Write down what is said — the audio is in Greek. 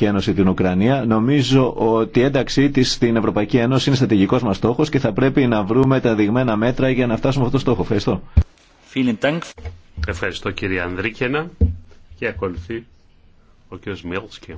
Ευρωπαϊκή Ένωση την Ουκρανία. Νομίζω ότι η ένταξή τη στην Ευρωπαϊκή Ένωση είναι στρατηγικό μα στόχο και θα πρέπει να βρούμε τα δειγμένα μέτρα για να φτάσουμε αυτό το στόχο. Ευχαριστώ. Ευχαριστώ κύριε Ανδρίκενα και ακολουθεί ο κ. Μίλσκι.